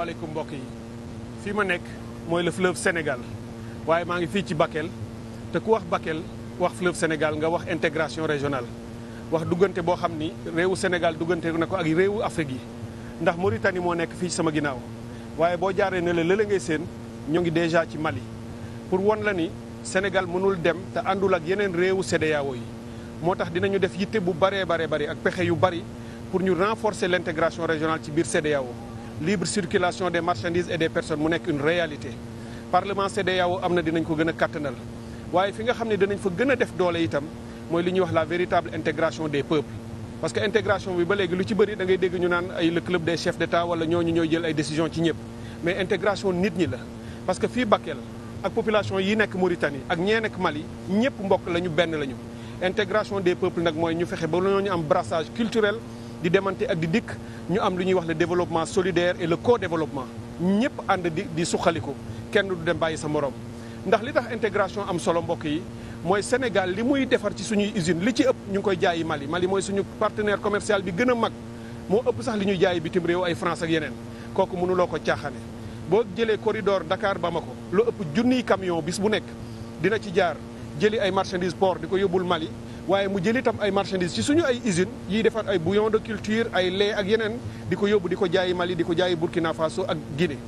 waaleykum mbokk yi fii ma nekk mooy le fleuve Sénégal waaye maa ngi fii ci Bakel te ku wax Bakel wax fleuve Sénégal nga wax intégration régionale wax duggante boo xam ni réewu Sénégal duggante na ko ak réewu Afrique yi ndax Mauritanie moo nekk fii sama ginnaaw waaye boo jaaree ne la lële ngay séen ñoo ngi déjà ci Mali pour won la ni Sénégal mënul dem te àndul ak yeneen réewu CEDEAO yi moo tax dinañu def yitte bu baree baree bari ak pexe yu bari pour ñu renforcer l'intégration régionale ci biir CEDEAO libre circulation des marchandises et des personnes mu nekk une réalité parlement CEDEAO am na dinañ ko gën a kàttanal waaye fi nga xam ne dinañ fa gën a def doole itam mooy li ñuy wax la véritable intégration des peuples parce que intégration bi ba léegi lu ci bëri dangay dégg ñu naan ay le club des chefs d'État wala ñooñu ñooy jël ay décisions ci ñëpp mais intégration nit ñi la parce que fii Bakel ak population yi nekk Mauritanie ak ñee nekk Mali ñëpp mbokk lañu benn lañu intégration des peuples nag mooy ñu fexe ba ñooñu am brassage culturel di demante ak di dikk ñu am lu ñuy wax le développement solidaire et le co-développement ñëpp ànd di di ko kenn du dem bàyyi sa morom ndax li tax intégration am solo mbokk yi mooy Sénégal li muy defar ci suñuy usine li ci ëpp ñu ngi koy jaayi Mali Mali mooy suñu partenaire commercial bi gën a mag moo ëpp sax li ñuy jaayi bitim réew ay France ak yeneen kooku mënuloo ko caaxaane boo jëlee corridor Dakar Bamako lu ëpp junniy camion bis bu nekk dina ci jaar jëli ay marchandises port di ko yóbbul Mali waaye mu jël itam ay marchandises ci suñu ay usines yiy defar ay bouillon de culture ay lait ak yeneen di ko yóbbu di ko jaayi Mali di ko jaayi Burkina Faso ak Guinée.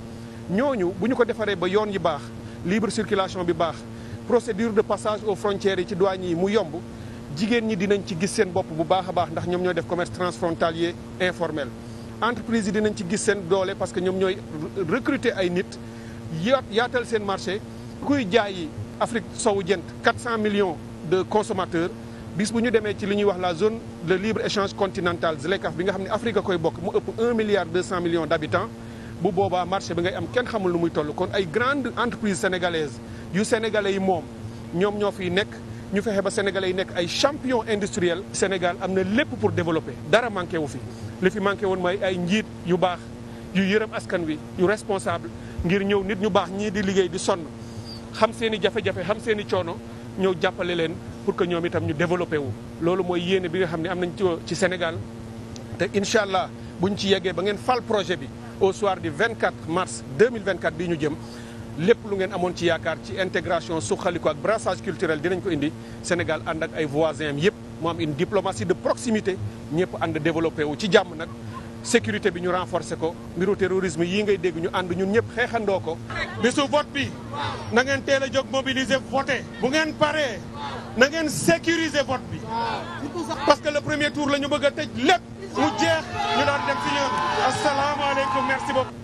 ñooñu bu ñu ko defaree ba yoon yi baax libre circulation bi baax procédure de passage aux frontières yi ci douane yi mu yomb jigéen ñi dinañ ci gis seen bopp bu baax a baax ndax ñoom ñooy def commerce transfrontalier informel. entreprise yi dinañ ci gis seen doole parce que ñoom ñooy recruter ay nit yaatal seen marché kuy jaayi Afrique sowu jant 400 millions de consommateurs. bis bu ñu demee ci li ñuy wax la zone de libre échange continentale ZLECAf bi nga xam ne Afrique koy bokk mu ëpp 1 milliard 200 millions d' habitants bu boobaa marché bi ngay am kenn xamul lu muy toll kon ay grande entreprise sénégalaise yu sénégalais yi moom ñoom ñoo fiy nekk ñu fexe ba sénégalais yi nekk ay champion industriel Sénégal am na lépp pour développer dara manqué wu fi li fi manqué woon mooy ay njiit yu baax yu yërëm askan wi yu responsable ngir ñëw nit ñu baax ñii di liggéey di sonn xam seen i jafe xam seen i coono ñëw jàppale leen pour que ñoom itam ñu développé wu. loolu mooy yéene bi nga xam ne am nañ ci Sénégal te incha allah bu ñu ci yeggee ba ngeen fal projet bi au soir du 24 mars 2024 bii ñu jëm. lépp lu ngeen amoon ci yaakaar ci intégration suqaliku ak brassage culturel dinañ ko indi Sénégal ànd ak ay voisins yëpp mu am une diplomatie de proximité ñëpp ànd développé wu ci jàmm nag sécurité bi ñu renforcer ko mbiru terrorisme yi ngay dégg ñu ànd ñun ñëpp xeexandoo ko. bisu vote bi na ngeen teel a jóg mobiliser voté bu ngeen paree. na ngeen sécuriser vote bi parce que le premier tour la ñu bëgg a tëj lépp mu jeex ñu daan dem si ñoom asalaamaaleykum merci beaucoup.